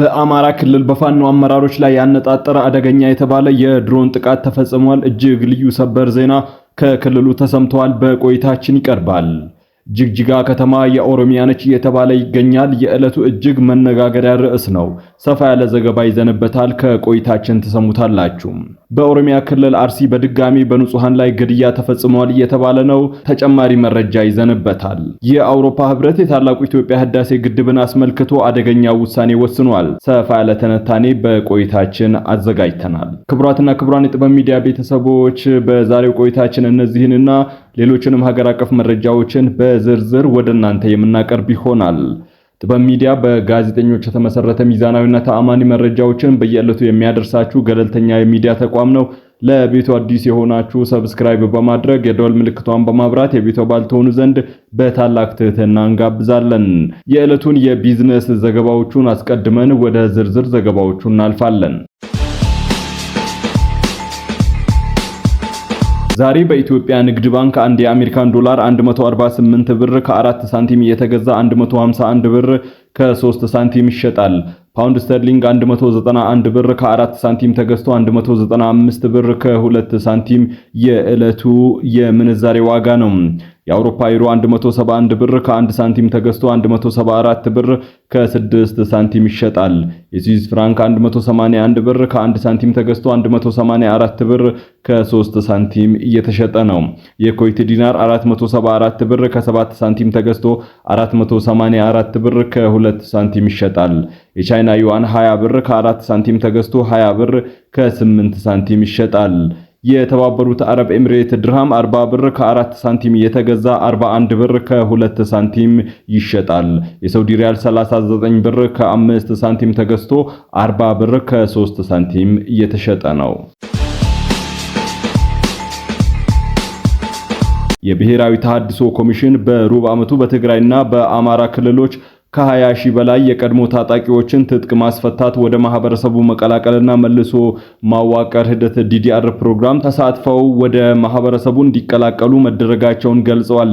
በአማራ ክልል በፋኖ አመራሮች ላይ ያነጣጠረ አደገኛ የተባለ የድሮን ጥቃት ተፈጽሟል። እጅግ ልዩ ሰበር ዜና ከክልሉ ተሰምተዋል። በቆይታችን ይቀርባል። ጅግጅጋ ከተማ የኦሮሚያ ነች እየተባለ ይገኛል። የዕለቱ እጅግ መነጋገሪያ ርዕስ ነው። ሰፋ ያለ ዘገባ ይዘንበታል። ከቆይታችን ተሰሙታላችሁ? በኦሮሚያ ክልል አርሲ በድጋሚ በንጹሐን ላይ ግድያ ተፈጽሟል እየተባለ ነው። ተጨማሪ መረጃ ይዘንበታል። የአውሮፓ ህብረት የታላቁ ኢትዮጵያ ህዳሴ ግድብን አስመልክቶ አደገኛ ውሳኔ ወስኗል። ሰፋ ያለ ትንታኔ በቆይታችን አዘጋጅተናል። ክቡራትና ክቡራን የጥበብ ሚዲያ ቤተሰቦች በዛሬው ቆይታችን እነዚህንና ሌሎችንም ሀገር አቀፍ መረጃዎችን በዝርዝር ወደ እናንተ የምናቀርብ ይሆናል። ጥበብ ሚዲያ በጋዜጠኞች የተመሰረተ ሚዛናዊና ተአማኒ መረጃዎችን በየዕለቱ የሚያደርሳችሁ ገለልተኛ የሚዲያ ተቋም ነው። ለቤቱ አዲስ የሆናችሁ ሰብስክራይብ በማድረግ የደወል ምልክቷን በማብራት የቤቱ አባል ትሆኑ ዘንድ በታላቅ ትህትና እንጋብዛለን። የዕለቱን የቢዝነስ ዘገባዎቹን አስቀድመን ወደ ዝርዝር ዘገባዎቹ እናልፋለን። ዛሬ በኢትዮጵያ ንግድ ባንክ አንድ የአሜሪካን ዶላር 148 ብር ከ4 ሳንቲም እየተገዛ 151 ብር ከ3 ሳንቲም ይሸጣል። ፓውንድ ስተርሊንግ 191 ብር ከ4 ሳንቲም ተገዝቶ 195 ብር ከ2 ሳንቲም የዕለቱ የምንዛሬ ዋጋ ነው። የአውሮፓ ዩሮ 171 ብር ከ1 ሳንቲም ተገዝቶ 174 ብር ከ6 ሳንቲም ይሸጣል። የስዊዝ ፍራንክ 181 ብር ከ1 ሳንቲም ተገዝቶ 184 ብር ከ3 ሳንቲም እየተሸጠ ነው። የኮይት ዲናር 474 ብር ከ7 ሳንቲም ተገዝቶ 484 ብር ከ2 ሳንቲም ይሸጣል። የቻይና ዩዋን 20 ብር ከ4 ሳንቲም ተገዝቶ 20 ብር ከ8 ሳንቲም ይሸጣል። የተባበሩት አረብ ኤምሬት ድርሃም 40 ብር ከ4 ሳንቲም የተገዛ 41 ብር ከ2 ሳንቲም ይሸጣል። የሳውዲ ሪያል 39 ብር ከ5 ሳንቲም ተገዝቶ 40 ብር ከ3 ሳንቲም እየተሸጠ ነው። የብሔራዊ ተሃድሶ ኮሚሽን በሩብ ዓመቱ በትግራይና በአማራ ክልሎች ከ20 ሺህ በላይ የቀድሞ ታጣቂዎችን ትጥቅ ማስፈታት ወደ ማህበረሰቡ መቀላቀልና መልሶ ማዋቀር ሂደት ዲዲአር ፕሮግራም ተሳትፈው ወደ ማህበረሰቡ እንዲቀላቀሉ መደረጋቸውን ገልጸዋል።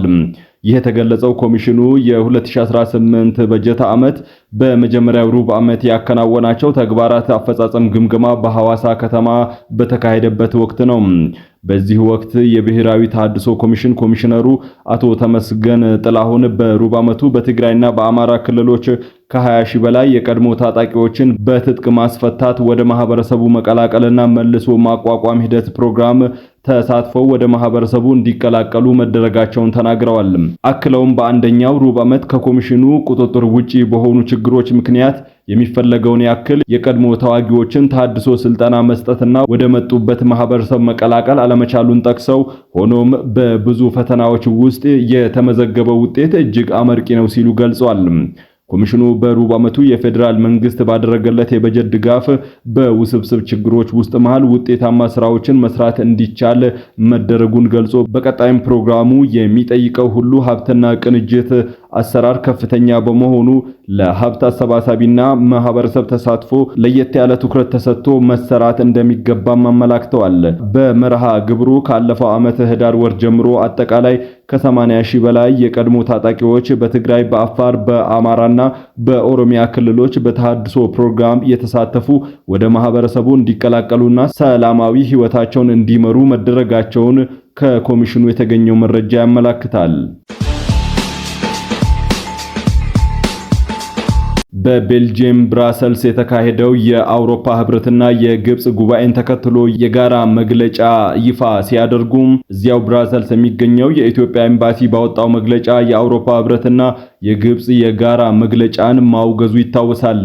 ይህ የተገለጸው ኮሚሽኑ የ2018 በጀት ዓመት በመጀመሪያው ሩብ ዓመት ያከናወናቸው ተግባራት አፈጻጸም ግምገማ በሐዋሳ ከተማ በተካሄደበት ወቅት ነው። በዚህ ወቅት የብሔራዊ ተሃድሶ ኮሚሽን ኮሚሽነሩ አቶ ተመስገን ጥላሁን በሩብ ዓመቱ በትግራይና በአማራ ክልሎች ከ20 ሺህ በላይ የቀድሞ ታጣቂዎችን በትጥቅ ማስፈታት ወደ ማህበረሰቡ መቀላቀልና መልሶ ማቋቋም ሂደት ፕሮግራም ተሳትፈው ወደ ማህበረሰቡ እንዲቀላቀሉ መደረጋቸውን ተናግረዋል። አክለውም በአንደኛው ሩብ ዓመት ከኮሚሽኑ ቁጥጥር ውጪ በሆኑ ችግሮች ምክንያት የሚፈለገውን ያክል የቀድሞ ተዋጊዎችን ታድሶ ስልጠና መስጠትና ወደ መጡበት ማህበረሰብ መቀላቀል አለመቻሉን ጠቅሰው ሆኖም በብዙ ፈተናዎች ውስጥ የተመዘገበው ውጤት እጅግ አመርቂ ነው ሲሉ ገልጿል። ኮሚሽኑ በሩብ ዓመቱ የፌዴራል መንግስት ባደረገለት የበጀት ድጋፍ በውስብስብ ችግሮች ውስጥ መሃል ውጤታማ ስራዎችን መስራት እንዲቻል መደረጉን ገልጾ በቀጣይም ፕሮግራሙ የሚጠይቀው ሁሉ ሀብትና ቅንጅት አሰራር ከፍተኛ በመሆኑ ለሀብት አሰባሳቢና ማህበረሰብ ተሳትፎ ለየት ያለ ትኩረት ተሰጥቶ መሰራት እንደሚገባም አመላክተዋል። በመርሃ ግብሩ ካለፈው ዓመት ህዳር ወር ጀምሮ አጠቃላይ ከ80 ሺህ በላይ የቀድሞ ታጣቂዎች በትግራይ፣ በአፋር፣ በአማራና በኦሮሚያ ክልሎች በተሃድሶ ፕሮግራም የተሳተፉ ወደ ማህበረሰቡ እንዲቀላቀሉና ሰላማዊ ህይወታቸውን እንዲመሩ መደረጋቸውን ከኮሚሽኑ የተገኘው መረጃ ያመላክታል። በቤልጅየም ብራሰልስ የተካሄደው የአውሮፓ ህብረትና የግብጽ ጉባኤን ተከትሎ የጋራ መግለጫ ይፋ ሲያደርጉም እዚያው ብራሰልስ የሚገኘው የኢትዮጵያ ኤምባሲ ባወጣው መግለጫ የአውሮፓ ህብረትና የግብጽ የጋራ መግለጫን ማውገዙ ይታወሳል።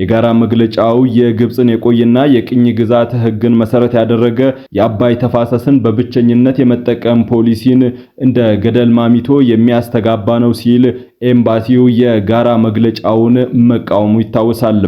የጋራ መግለጫው የግብጽን የቆየና የቅኝ ግዛት ሕግን መሰረት ያደረገ የአባይ ተፋሰስን በብቸኝነት የመጠቀም ፖሊሲን እንደ ገደል ማሚቶ የሚያስተጋባ ነው ሲል ኤምባሲው የጋራ መግለጫውን መቃወሙ ይታወሳል።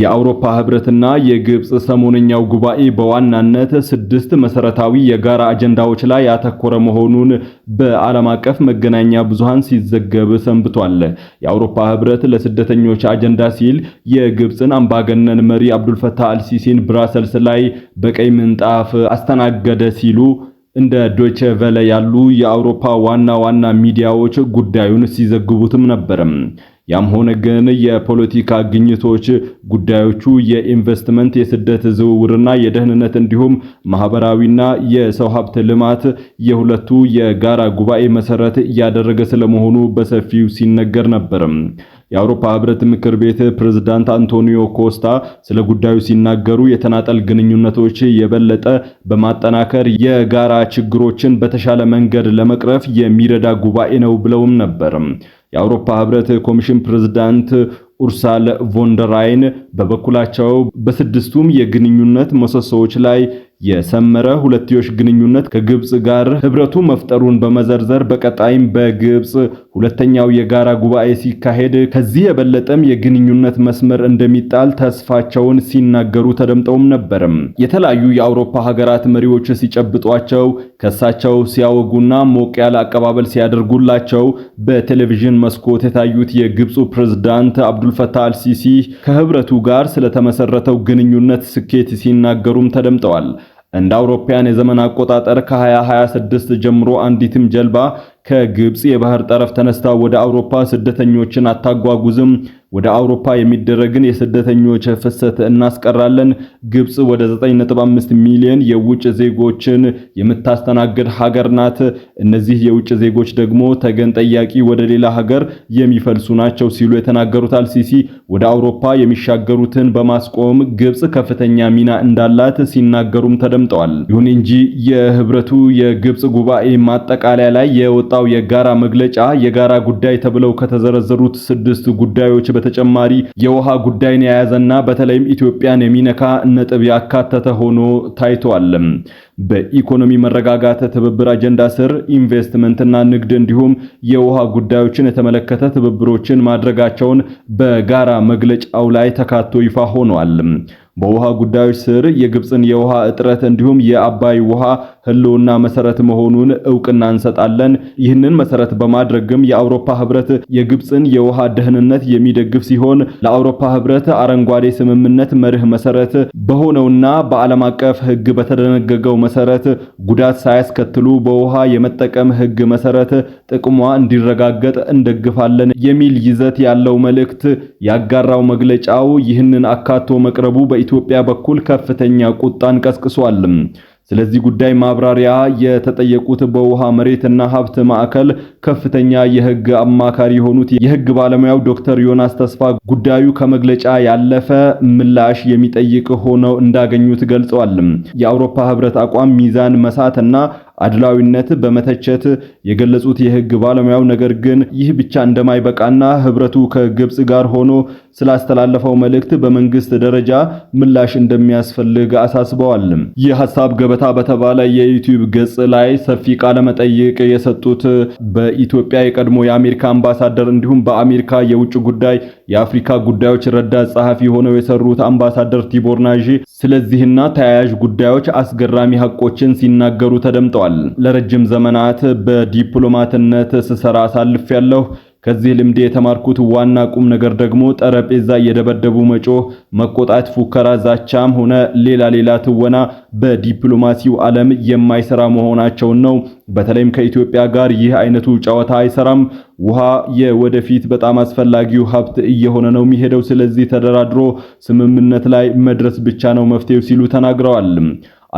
የአውሮፓ ህብረትና የግብጽ ሰሞነኛው ጉባኤ በዋናነት ስድስት መሰረታዊ የጋራ አጀንዳዎች ላይ ያተኮረ መሆኑን በዓለም አቀፍ መገናኛ ብዙሃን ሲዘገብ ሰንብቷል። ተናግረዋል። የአውሮፓ ህብረት ለስደተኞች አጀንዳ ሲል የግብፅን አምባገነን መሪ አብዱልፈታህ አልሲሲን ብራሰልስ ላይ በቀይ ምንጣፍ አስተናገደ ሲሉ እንደ ዶቼ ቬለ ያሉ የአውሮፓ ዋና ዋና ሚዲያዎች ጉዳዩን ሲዘግቡትም ነበርም። ያም ሆነ ግን የፖለቲካ ግኝቶች ጉዳዮቹ የኢንቨስትመንት፣ የስደት ዝውውርና የደህንነት እንዲሁም ማህበራዊና የሰው ሀብት ልማት የሁለቱ የጋራ ጉባኤ መሰረት እያደረገ ስለመሆኑ በሰፊው ሲነገር ነበር። የአውሮፓ ህብረት ምክር ቤት ፕሬዝዳንት አንቶኒዮ ኮስታ ስለ ጉዳዩ ሲናገሩ የተናጠል ግንኙነቶች የበለጠ በማጠናከር የጋራ ችግሮችን በተሻለ መንገድ ለመቅረፍ የሚረዳ ጉባኤ ነው ብለውም ነበር። የአውሮፓ ህብረት ኮሚሽን ፕሬዝዳንት ኡርሳል ቮንደራይን በበኩላቸው በስድስቱም የግንኙነት ምሰሶዎች ላይ የሰመረ ሁለትዮሽ ግንኙነት ከግብጽ ጋር ህብረቱ መፍጠሩን በመዘርዘር በቀጣይም በግብጽ ሁለተኛው የጋራ ጉባኤ ሲካሄድ ከዚህ የበለጠም የግንኙነት መስመር እንደሚጣል ተስፋቸውን ሲናገሩ ተደምጠውም ነበርም። የተለያዩ የአውሮፓ ሀገራት መሪዎች ሲጨብጧቸው፣ ከሳቸው ሲያወጉና ሞቅ ያለ አቀባበል ሲያደርጉላቸው በቴሌቪዥን መስኮት የታዩት የግብፁ ፕሬዝዳንት አብዱልፈታህ አልሲሲ ከህብረቱ ጋር ስለተመሰረተው ግንኙነት ስኬት ሲናገሩም ተደምጠዋል። እንደ አውሮፓያን የዘመን አቆጣጠር ከ2026 ጀምሮ አንዲትም ጀልባ ከግብፅ የባህር ጠረፍ ተነስታ ወደ አውሮፓ ስደተኞችን አታጓጉዝም። ወደ አውሮፓ የሚደረግን የስደተኞች ፍሰት እናስቀራለን። ግብፅ ወደ 9.5 ሚሊዮን የውጭ ዜጎችን የምታስተናግድ ሀገር ናት። እነዚህ የውጭ ዜጎች ደግሞ ተገን ጠያቂ ወደ ሌላ ሀገር የሚፈልሱ ናቸው ሲሉ የተናገሩት አልሲሲ ወደ አውሮፓ የሚሻገሩትን በማስቆም ግብፅ ከፍተኛ ሚና እንዳላት ሲናገሩም ተደምጠዋል። ይሁን እንጂ የህብረቱ የግብፅ ጉባኤ ማጠቃለያ ላይ የወጣ ባወጣው የጋራ መግለጫ የጋራ ጉዳይ ተብለው ከተዘረዘሩት ስድስት ጉዳዮች በተጨማሪ የውሃ ጉዳይን የያዘና በተለይም ኢትዮጵያን የሚነካ ነጥብ ያካተተ ሆኖ ታይቷል። በኢኮኖሚ መረጋጋት ትብብር አጀንዳ ስር ኢንቨስትመንትና ንግድ እንዲሁም የውሃ ጉዳዮችን የተመለከተ ትብብሮችን ማድረጋቸውን በጋራ መግለጫው ላይ ተካቶ ይፋ ሆኗል። በውሃ ጉዳዮች ስር የግብፅን የውሃ እጥረት እንዲሁም የአባይ ውሃ ህልውና መሰረት መሆኑን እውቅና እንሰጣለን። ይህንን መሰረት በማድረግም የአውሮፓ ህብረት የግብፅን የውሃ ደህንነት የሚደግፍ ሲሆን ለአውሮፓ ህብረት አረንጓዴ ስምምነት መርህ መሰረት በሆነውና በዓለም አቀፍ ህግ በተደነገገው መሰረት ጉዳት ሳያስከትሉ በውሃ የመጠቀም ህግ መሰረት ጥቅሟ እንዲረጋገጥ እንደግፋለን የሚል ይዘት ያለው መልእክት ያጋራው መግለጫው ይህንን አካቶ መቅረቡ በ በኢትዮጵያ በኩል ከፍተኛ ቁጣን ቀስቅሷል። ስለዚህ ጉዳይ ማብራሪያ የተጠየቁት በውሃ መሬትና ሀብት ማዕከል ከፍተኛ የህግ አማካሪ የሆኑት የህግ ባለሙያው ዶክተር ዮናስ ተስፋ ጉዳዩ ከመግለጫ ያለፈ ምላሽ የሚጠይቅ ሆነው እንዳገኙት ገልጸዋል። የአውሮፓ ህብረት አቋም ሚዛን መሳትና አድላዊነት በመተቸት የገለጹት የህግ ባለሙያው ነገር ግን ይህ ብቻ እንደማይበቃና ህብረቱ ከግብጽ ጋር ሆኖ ስላስተላለፈው መልእክት በመንግስት ደረጃ ምላሽ እንደሚያስፈልግ አሳስበዋል። የሐሳብ ገበታ በተባለ የዩቲዩብ ገጽ ላይ ሰፊ ቃለ መጠይቅ የሰጡት በኢትዮጵያ የቀድሞ የአሜሪካ አምባሳደር እንዲሁም በአሜሪካ የውጭ ጉዳይ የአፍሪካ ጉዳዮች ረዳት ጸሐፊ ሆነው የሰሩት አምባሳደር ቲቦር ናዢ ስለዚህና ተያያዥ ጉዳዮች አስገራሚ ሀቆችን ሲናገሩ ተደምጠዋል። ለረጅም ዘመናት በዲፕሎማትነት ስሰራ ያለሁ ከዚህ ልምዴ የተማርኩት ዋና ቁም ነገር ደግሞ ጠረጴዛ እየደበደቡ መጮህ፣ መቆጣት፣ ፉከራ፣ ዛቻም ሆነ ሌላ ሌላ ትወና በዲፕሎማሲው ዓለም የማይሰራ መሆናቸውን ነው። በተለይም ከኢትዮጵያ ጋር ይህ አይነቱ ጨዋታ አይሰራም። ውሃ የወደፊት በጣም አስፈላጊው ሀብት እየሆነ ነው የሚሄደው። ስለዚህ ተደራድሮ ስምምነት ላይ መድረስ ብቻ ነው መፍትሄው ሲሉ ተናግረዋል።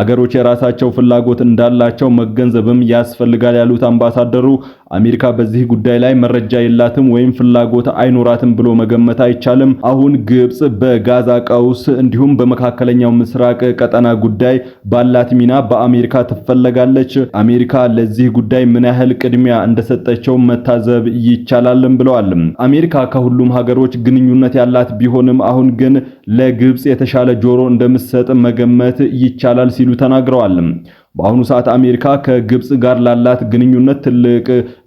አገሮች የራሳቸው ፍላጎት እንዳላቸው መገንዘብም ያስፈልጋል ያሉት አምባሳደሩ አሜሪካ በዚህ ጉዳይ ላይ መረጃ የላትም ወይም ፍላጎት አይኖራትም ብሎ መገመት አይቻልም። አሁን ግብጽ በጋዛ ቀውስ እንዲሁም በመካከለኛው ምስራቅ ቀጠና ጉዳይ ባላት ሚና በአሜሪካ ትፈለጋለች። አሜሪካ ለዚህ ጉዳይ ምን ያህል ቅድሚያ እንደሰጠቸው መታዘብ ይቻላልም ብለዋል። አሜሪካ ከሁሉም ሀገሮች ግንኙነት ያላት ቢሆንም አሁን ግን ለግብጽ የተሻለ ጆሮ እንደምትሰጥ መገመት ይቻላል ሲሉ ተናግረዋል። በአሁኑ ሰዓት አሜሪካ ከግብጽ ጋር ላላት ግንኙነት ትልቅ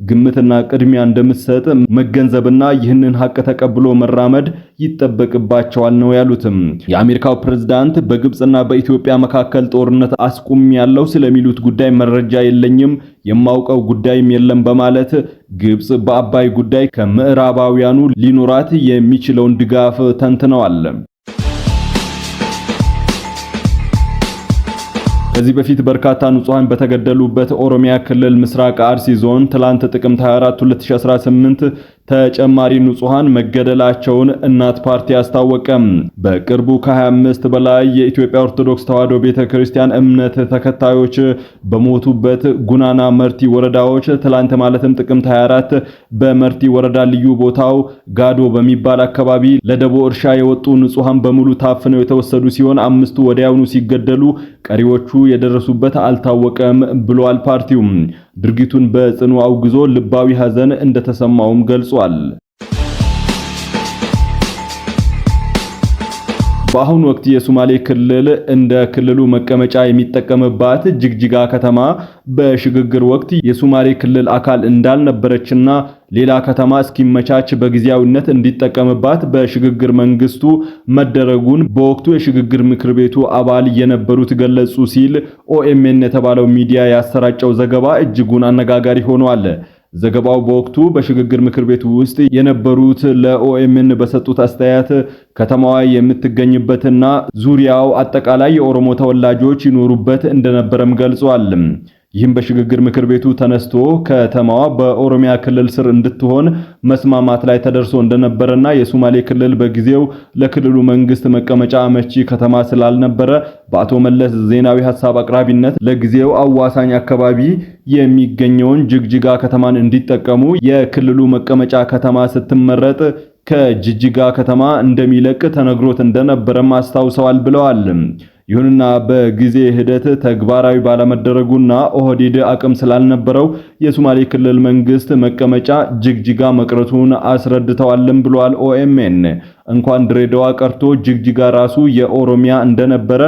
ግምትና ቅድሚያ እንደምትሰጥ መገንዘብና ይህንን ሀቅ ተቀብሎ መራመድ ይጠበቅባቸዋል ነው ያሉትም። የአሜሪካው ፕሬዝዳንት በግብጽና በኢትዮጵያ መካከል ጦርነት አስቁም ያለው ስለሚሉት ጉዳይ መረጃ የለኝም የማውቀው ጉዳይም የለም በማለት ግብጽ በአባይ ጉዳይ ከምዕራባውያኑ ሊኖራት የሚችለውን ድጋፍ ተንትነዋል። ከዚህ በፊት በርካታ ንጹሃን በተገደሉበት ኦሮሚያ ክልል ምስራቅ አርሲ ዞን ትላንት ጥቅምት 24 2018 ተጨማሪ ንጹሃን መገደላቸውን እናት ፓርቲ አስታወቀም። በቅርቡ ከ25 በላይ የኢትዮጵያ ኦርቶዶክስ ተዋሕዶ ቤተክርስቲያን እምነት ተከታዮች በሞቱበት ጉናና መርቲ ወረዳዎች ትላንት ማለትም ጥቅምት 24 በመርቲ ወረዳ ልዩ ቦታው ጋዶ በሚባል አካባቢ ለደቦ እርሻ የወጡ ንጹሃን በሙሉ ታፍነው የተወሰዱ ሲሆን አምስቱ ወዲያውኑ ሲገደሉ ቀሪዎቹ የደረሱበት አልታወቀም ብሏል ፓርቲውም። ድርጊቱን በጽኑ አውግዞ ልባዊ ሐዘን እንደተሰማውም ገልጿል። በአሁኑ ወቅት የሶማሌ ክልል እንደ ክልሉ መቀመጫ የሚጠቀምባት ጅግጅጋ ከተማ በሽግግር ወቅት የሶማሌ ክልል አካል እንዳልነበረችና ሌላ ከተማ እስኪመቻች በጊዜያዊነት እንዲጠቀምባት በሽግግር መንግስቱ መደረጉን በወቅቱ የሽግግር ምክር ቤቱ አባል የነበሩት ገለጹ ሲል ኦኤምኤን የተባለው ሚዲያ ያሰራጨው ዘገባ እጅጉን አነጋጋሪ ሆኗል። ዘገባው በወቅቱ በሽግግር ምክር ቤት ውስጥ የነበሩት ለኦኤምን በሰጡት አስተያየት ከተማዋ የምትገኝበትና ዙሪያው አጠቃላይ የኦሮሞ ተወላጆች ይኖሩበት እንደነበረም ገልጿል። ይህም በሽግግር ምክር ቤቱ ተነስቶ ከተማዋ በኦሮሚያ ክልል ስር እንድትሆን መስማማት ላይ ተደርሶ እንደነበረና የሶማሌ ክልል በጊዜው ለክልሉ መንግስት መቀመጫ አመቺ ከተማ ስላልነበረ በአቶ መለስ ዜናዊ ሀሳብ አቅራቢነት ለጊዜው አዋሳኝ አካባቢ የሚገኘውን ጅግጅጋ ከተማን እንዲጠቀሙ የክልሉ መቀመጫ ከተማ ስትመረጥ ከጅጅጋ ከተማ እንደሚለቅ ተነግሮት እንደነበረም አስታውሰዋል ብለዋል። ይሁንና በጊዜ ሂደት ተግባራዊ ባለመደረጉና ኦህዴድ አቅም ስላልነበረው የሶማሌ ክልል መንግስት መቀመጫ ጅግጅጋ መቅረቱን አስረድተዋልም ብሏል ኦኤምኤን። እንኳን ድሬዳዋ ቀርቶ ጅግጅጋ ራሱ የኦሮሚያ እንደነበረ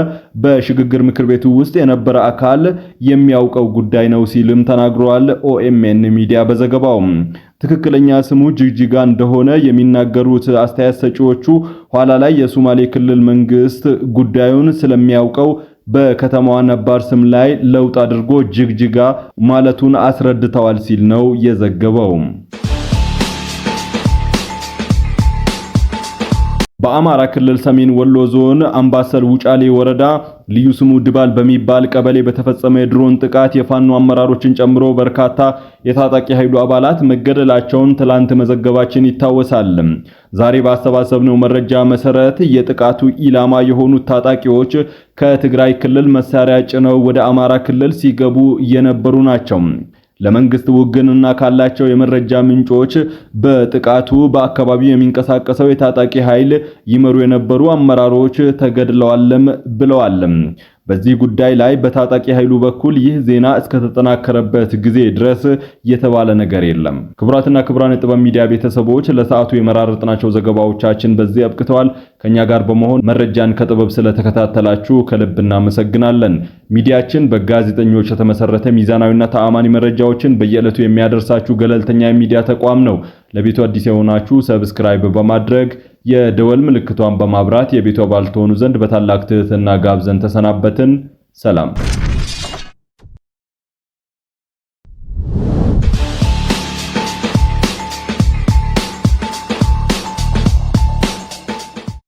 በሽግግር ምክር ቤቱ ውስጥ የነበረ አካል የሚያውቀው ጉዳይ ነው ሲልም ተናግሯል። ኦኤምኤን ሚዲያ በዘገባው ትክክለኛ ስሙ ጅግጅጋ እንደሆነ የሚናገሩት አስተያየት ሰጪዎቹ ኋላ ላይ የሶማሌ ክልል መንግስት ጉዳዩን ስለሚያውቀው በከተማዋ ነባር ስም ላይ ለውጥ አድርጎ ጅግጅጋ ማለቱን አስረድተዋል ሲል ነው የዘገበው። በአማራ ክልል ሰሜን ወሎ ዞን አምባሰል ውጫሌ ወረዳ ልዩ ስሙ ድባል በሚባል ቀበሌ በተፈጸመ የድሮን ጥቃት የፋኖ አመራሮችን ጨምሮ በርካታ የታጣቂ ኃይሉ አባላት መገደላቸውን ትላንት መዘገባችን ይታወሳል። ዛሬ ባሰባሰብነው መረጃ መሰረት የጥቃቱ ኢላማ የሆኑት ታጣቂዎች ከትግራይ ክልል መሳሪያ ጭነው ወደ አማራ ክልል ሲገቡ እየነበሩ ናቸው። ለመንግስት ውግንና ካላቸው የመረጃ ምንጮች በጥቃቱ በአካባቢው የሚንቀሳቀሰው የታጣቂ ኃይል ይመሩ የነበሩ አመራሮች ተገድለዋልም ብለዋልም በዚህ ጉዳይ ላይ በታጣቂ ኃይሉ በኩል ይህ ዜና እስከተጠናከረበት ጊዜ ድረስ የተባለ ነገር የለም። ክቡራትና ክቡራን የጥበብ ሚዲያ ቤተሰቦች ለሰዓቱ የመራረጥናቸው ዘገባዎቻችን በዚህ አብቅተዋል። ከኛ ጋር በመሆን መረጃን ከጥበብ ስለተከታተላችሁ ከልብ እናመሰግናለን። ሚዲያችን በጋዜጠኞች የተመሰረተ ሚዛናዊና ተአማኒ መረጃዎችን በየዕለቱ የሚያደርሳችሁ ገለልተኛ የሚዲያ ተቋም ነው። ለቤቱ አዲስ የሆናችሁ ሰብስክራይብ በማድረግ የደወል ምልክቷን በማብራት የቤቱ አባል ትሆኑ ዘንድ በታላቅ ትህትና ጋብዘን ተሰናበትን። ሰላም